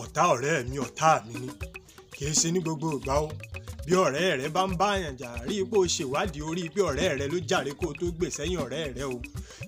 ọ̀tá ọ̀rẹ́ mi ọ̀tá mi ni kì í ṣe ní gbogbo ìgbà o bí ọ̀rẹ́ rẹ bá ń báyàn jà rí ipò ṣèwádìí orí bí ọ̀rẹ́ rẹ ló jàre kó o tó gbè sẹ́yìn ọ̀rẹ́ rẹ o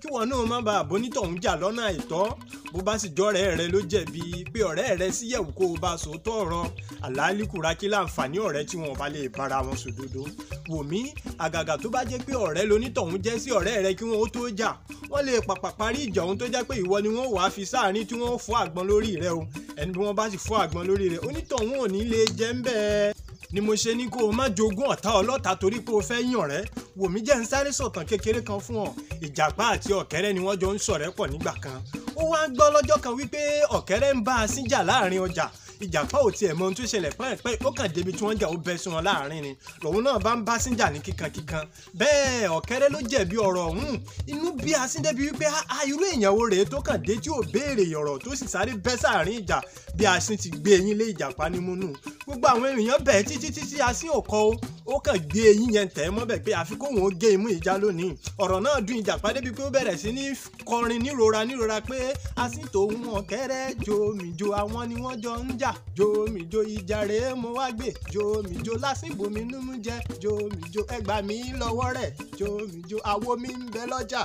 kí wọn náà má bàa bonítọ̀hún jà lọ́nà àìtọ́ bó bá sì jọ́rẹ́ rẹ ló jẹ̀bi pé ọ̀rẹ́ rẹ sì yẹ̀wò kó o bá sòótọ́ ọ̀rọ̀ àlálìkùrá kí láǹfààní ọ̀rẹ́ tí wọn bá lè bára wọn sòdodo wò mí àgàgà tó bá jẹ́ pé ọ̀rẹ́ lonítọ̀hún jẹ́ sí ọ̀rẹ́ rẹ kí wọn ó tó jà wọ́n lè pàpà parí ìjà òun tó jẹ́ pé ìwọ ni wọ́n wàá fi sáàárín tí wọ́n ó fọ́ àgbọn lórí rẹ o ẹni bí wọ́n bá sì fọ́ àgbọn lórí rẹ̀ onítọ̀hún ò ní lè jẹ́ ń bẹ́ẹ̀ ni mo ṣe ní kó o má jogún ọ̀tá ọlọ́ta torí pé o fẹ́ yàn rẹ́ wòmí jẹ́ ń sáré sọ̀tàn kékeré kan fún ọ ìjàpá àti ọ̀kẹ́rẹ́ ni wọ́n jọ ń ṣọ̀rẹ́ pọ̀ nígbà kan ó wá gbọ́ lọ́jọ́ kan wípé ọ̀kẹ́rẹ́ ń bá a síjà láàrin ọjà ìjàpá ò tiẹ̀ mọ ohun tó ṣẹlẹ̀ pẹ́ẹ́pẹ́ ó kàn débi tí wọ́n jà ó bẹ́ sí wọn láàrin ni lòun náà bá ń bá síjà ní kíkankíkan bẹ́ẹ̀ ọ̀kẹ́rẹ́ ló jẹ̀bi ọ̀rọ̀ ọ̀hún inú bí asíndé bíi wípé a irú èèyàn wo rèé tó kàn dé tí ò béèrè ọ̀rọ̀ tó sì sáré bẹ́ sáàrin ìjà bí asín ti gbé eyín lé ìjàpá ní múnú gbogbo àwọn èèyàn bẹ́ẹ̀ títí títí asín ò kọ́ ó kàn gbé eyín yẹn tẹ̀ mọ́bẹ̀ pé àfi kóun ó gé imú ìjà lónìí ọ̀rọ̀ náà dùn ìjàpá débi pé ó bẹ̀rẹ̀ sí ní kọrin nírora nírora pé asín tòun ọ̀kẹ́rẹ́ jo mi jo àwọn ni wọ́n jọ ń jà yá jomijo ìjàre mo wá gbé jomijo lásìkò mi númú jẹ jomijo ẹgbà mi lọ́wọ́ rẹ̀ jomijo awo mi ń bẹ lọ́jà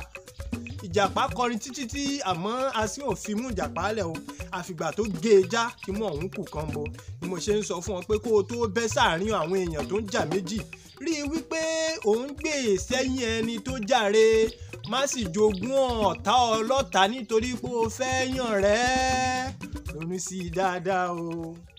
ìjàpá kọrin títí tí àmọ́ asín ò fi mú ìjàpá lẹ̀ o àfìgbà tó gé e já kí mọ̀ ọ̀hún kù kan bo ni mo ṣe ń sọ fún ọ pé kó o tó bẹ́ sáàrin àwọn èèyàn tó ń jà méjì rí i wípé òun gbé e sẹ́yìn ẹni tó jàre má sì jogún ọ̀tá ọlọ́ta nítorí pé o fẹ́ yàn rẹ́ẹ́ mi sí i dáadáa o.